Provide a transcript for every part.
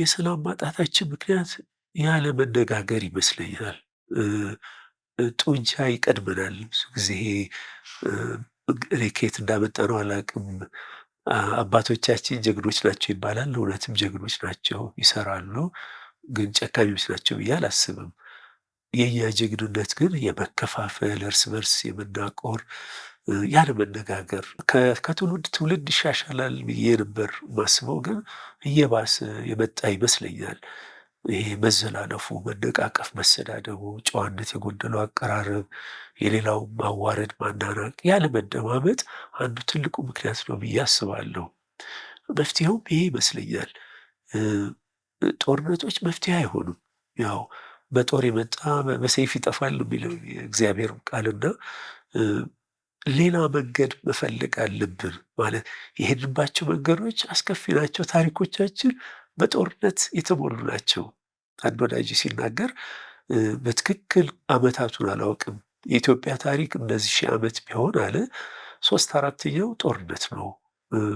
የሰላም ማጣታችን ምክንያት ያለ መነጋገር ይመስለኛል። ጡንቻ ይቀድመናል። ብዙ ጊዜ ሬኬት ከየት እንዳመጣነው አላውቅም። አባቶቻችን ጀግኖች ናቸው ይባላል። እውነትም ጀግኖች ናቸው፣ ይሰራሉ። ግን ጨካኞች ናቸው ብዬ አላስብም። የእኛ ጀግንነት ግን የመከፋፈል፣ እርስ በርስ የመናቆር ያለ መነጋገር ከትውልድ ትውልድ ይሻሻላል ብዬ ነበር ማስበው፣ ግን እየባሰ የመጣ ይመስለኛል። ይሄ መዘላለፉ፣ መነቃቀፍ፣ መሰዳደቡ፣ ጨዋነት የጎደለው አቀራረብ፣ የሌላው ማዋረድ፣ ማናናቅ፣ መደማመጥ አንዱ ትልቁ ምክንያት ነው ብዬ አስባለሁ። መፍትሄውም ይሄ ይመስለኛል። ጦርነቶች መፍትሄ አይሆኑም። ያው በጦር የመጣ በሰይፍ ይጠፋል የሚለው የእግዚአብሔር ቃልና ሌላ መንገድ መፈለግ አለብን ማለት የሄድንባቸው መንገዶች አስከፊ ናቸው። ታሪኮቻችን በጦርነት የተሞሉ ናቸው። አንድ ወዳጅ ሲናገር በትክክል ዓመታቱን አላውቅም የኢትዮጵያ ታሪክ እነዚህ ሺህ ዓመት ቢሆን አለ ሶስት አራተኛው ጦርነት ነው።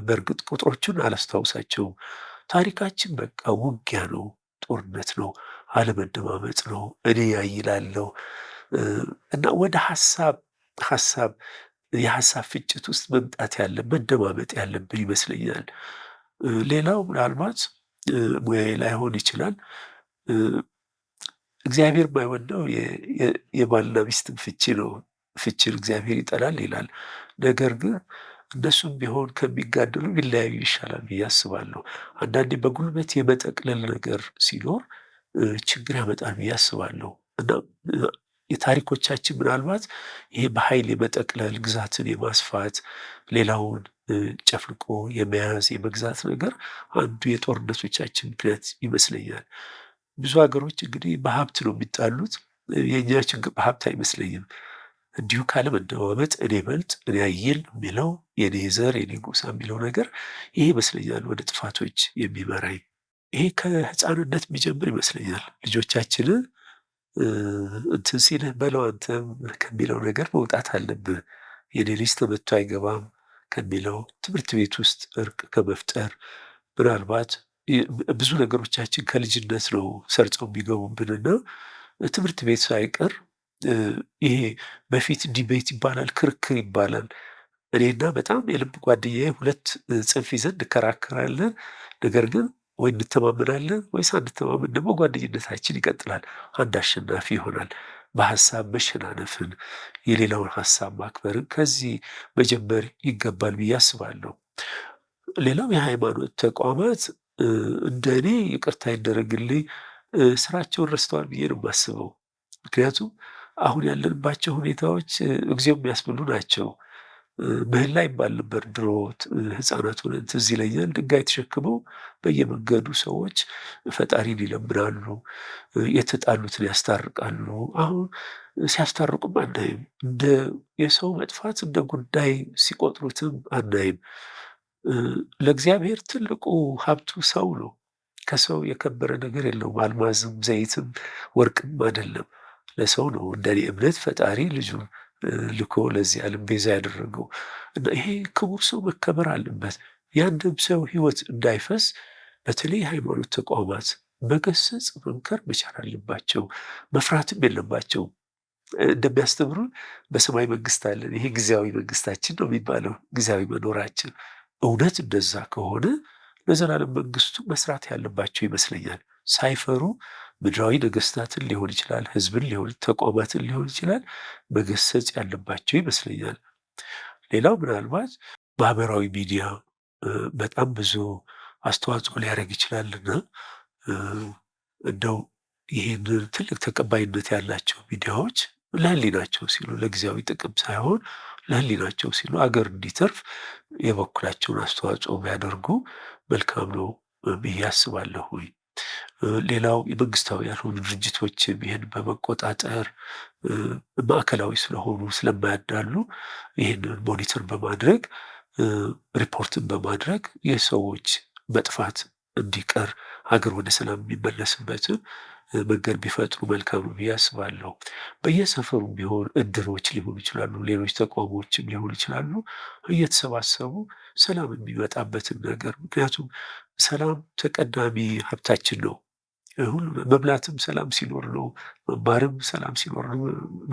በእርግጥ ቁጥሮቹን አላስታውሳቸውም። ታሪካችን በቃ ውጊያ ነው፣ ጦርነት ነው፣ አለመደማመጥ ነው፣ እኔ ያይላለው እና ወደ ሀሳብ ሀሳብ የሀሳብ ፍጭት ውስጥ መምጣት ያለ መደማመጥ ያለብን ይመስለኛል። ሌላው ምናልባት ሙያዬ ላይሆን ይችላል። እግዚአብሔር የማይወደው የባልና ሚስትን ፍቺ ነው። ፍቺን እግዚአብሔር ይጠላል ይላል። ነገር ግን እነሱም ቢሆን ከሚጋደሉ ቢለያዩ ይሻላል ብዬ አስባለሁ። አንዳንዴ በጉልበት የመጠቅለል ነገር ሲኖር ችግር ያመጣል ብዬ አስባለሁ እና የታሪኮቻችን ምናልባት ይሄ በኃይል የመጠቅለል ግዛትን የማስፋት ሌላውን ጨፍልቆ የመያዝ የመግዛት ነገር አንዱ የጦርነቶቻችን ምክንያት ይመስለኛል። ብዙ ሀገሮች እንግዲህ በሀብት ነው የሚጣሉት። የእኛ ችግር በሀብት አይመስለኝም። እንዲሁ ካለመደማመጥ እኔ በልጥ እኔ አይል የሚለው የኔ ዘር የኔ ጎሳ የሚለው ነገር ይሄ ይመስለኛል ወደ ጥፋቶች የሚመራኝ። ይሄ ከህፃንነት የሚጀምር ይመስለኛል ልጆቻችንን እንትን ሲልህ በለው አንተ ከሚለው ነገር መውጣት አለብህ። የኔ ልጅ ተመቶ አይገባም ከሚለው ትምህርት ቤት ውስጥ እርቅ ከመፍጠር ምናልባት ብዙ ነገሮቻችን ከልጅነት ነው ሰርጸው የሚገቡብንና ትምህርት ቤት ሳይቀር ይሄ በፊት ዲቤት ይባላል፣ ክርክር ይባላል። እኔና በጣም የልብ ጓደኛዬ ሁለት ጽንፍ ይዘን እንከራከራለን። ነገር ግን ወይ እንተማመናለን ወይስ አንተማመን። ደግሞ ጓደኝነታችን ይቀጥላል። አንድ አሸናፊ ይሆናል። በሀሳብ መሸናነፍን፣ የሌላውን ሀሳብ ማክበርን ከዚህ መጀመር ይገባል ብዬ አስባለሁ። ሌላው የሃይማኖት ተቋማት እንደ እኔ ይቅርታ ይደረግልኝ ስራቸውን ረስተዋል ብዬ ነው የማስበው። ምክንያቱም አሁን ያለንባቸው ሁኔታዎች እግዚኦ የሚያስብሉ ናቸው። ምህላ ይባል ነበር ድሮ ህፃናት ሆነን ትዝ ይለኛል። ድንጋይ ተሸክመው በየመንገዱ ሰዎች ፈጣሪን ይለምናሉ፣ የተጣሉትን ያስታርቃሉ። አሁን ሲያስታርቁም አናይም። እንደ የሰው መጥፋት እንደ ጉዳይ ሲቆጥሩትም አናይም። ለእግዚአብሔር ትልቁ ሀብቱ ሰው ነው። ከሰው የከበረ ነገር የለውም። አልማዝም፣ ዘይትም፣ ወርቅም አይደለም። ለሰው ነው እንደኔ እምነት ፈጣሪ ልጁን ልኮ ለዚህ ዓለም ቤዛ ያደረገው እና ይሄ ክቡር ሰው መከበር አለበት። ያንድም ሰው ህይወት እንዳይፈስ በተለይ ሃይማኖት ተቋማት መገሰጽ፣ መንከር መቻል አለባቸው። መፍራትም የለባቸው። እንደሚያስተምሩን በሰማይ መንግስት አለን፣ ይሄ ጊዜያዊ መንግስታችን ነው የሚባለው ጊዜያዊ መኖራችን። እውነት እንደዛ ከሆነ ለዘላለም መንግስቱ መስራት ያለባቸው ይመስለኛል ሳይፈሩ ምድራዊ ነገስታትን ሊሆን ይችላል፣ ህዝብን ሊሆን ተቋማትን ሊሆን ይችላል መገሰጽ ያለባቸው ይመስለኛል። ሌላው ምናልባት ማህበራዊ ሚዲያ በጣም ብዙ አስተዋጽኦ ሊያደርግ ይችላልና እንደው ይህንን ትልቅ ተቀባይነት ያላቸው ሚዲያዎች ለህሊናቸው ሲሉ ለጊዜያዊ ጥቅም ሳይሆን ለህሊናቸው ሲሉ አገር እንዲተርፍ የበኩላቸውን አስተዋጽኦ ቢያደርጉ መልካም ነው ብዬ አስባለሁ። ሌላው የመንግስታዊ ያልሆኑ ድርጅቶችም ይህን በመቆጣጠር ማዕከላዊ ስለሆኑ ስለማያዳሉ ይህን ሞኒተር በማድረግ ሪፖርትን በማድረግ የሰዎች መጥፋት እንዲቀር ሀገር ወደ ሰላም የሚመለስበት መንገድ ቢፈጥሩ መልካም ነው ብዬ አስባለሁ። በየሰፈሩ ቢሆን እድሮች ሊሆኑ ይችላሉ፣ ሌሎች ተቋሞችም ሊሆኑ ይችላሉ። እየተሰባሰቡ ሰላም የሚመጣበትን ነገር ምክንያቱም ሰላም ተቀዳሚ ሀብታችን ነው። ሁሉ መብላትም ሰላም ሲኖር ነው። መማርም ሰላም ሲኖር ነው።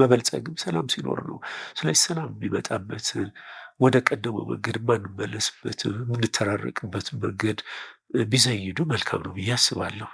መበልጸግም ሰላም ሲኖር ነው። ስለዚህ ሰላም የሚመጣበት ወደ ቀደመው መንገድ የማንመለስበት የምንተራረቅበት መንገድ ቢዘይዱ መልካም ነው ብዬ አስባለሁ።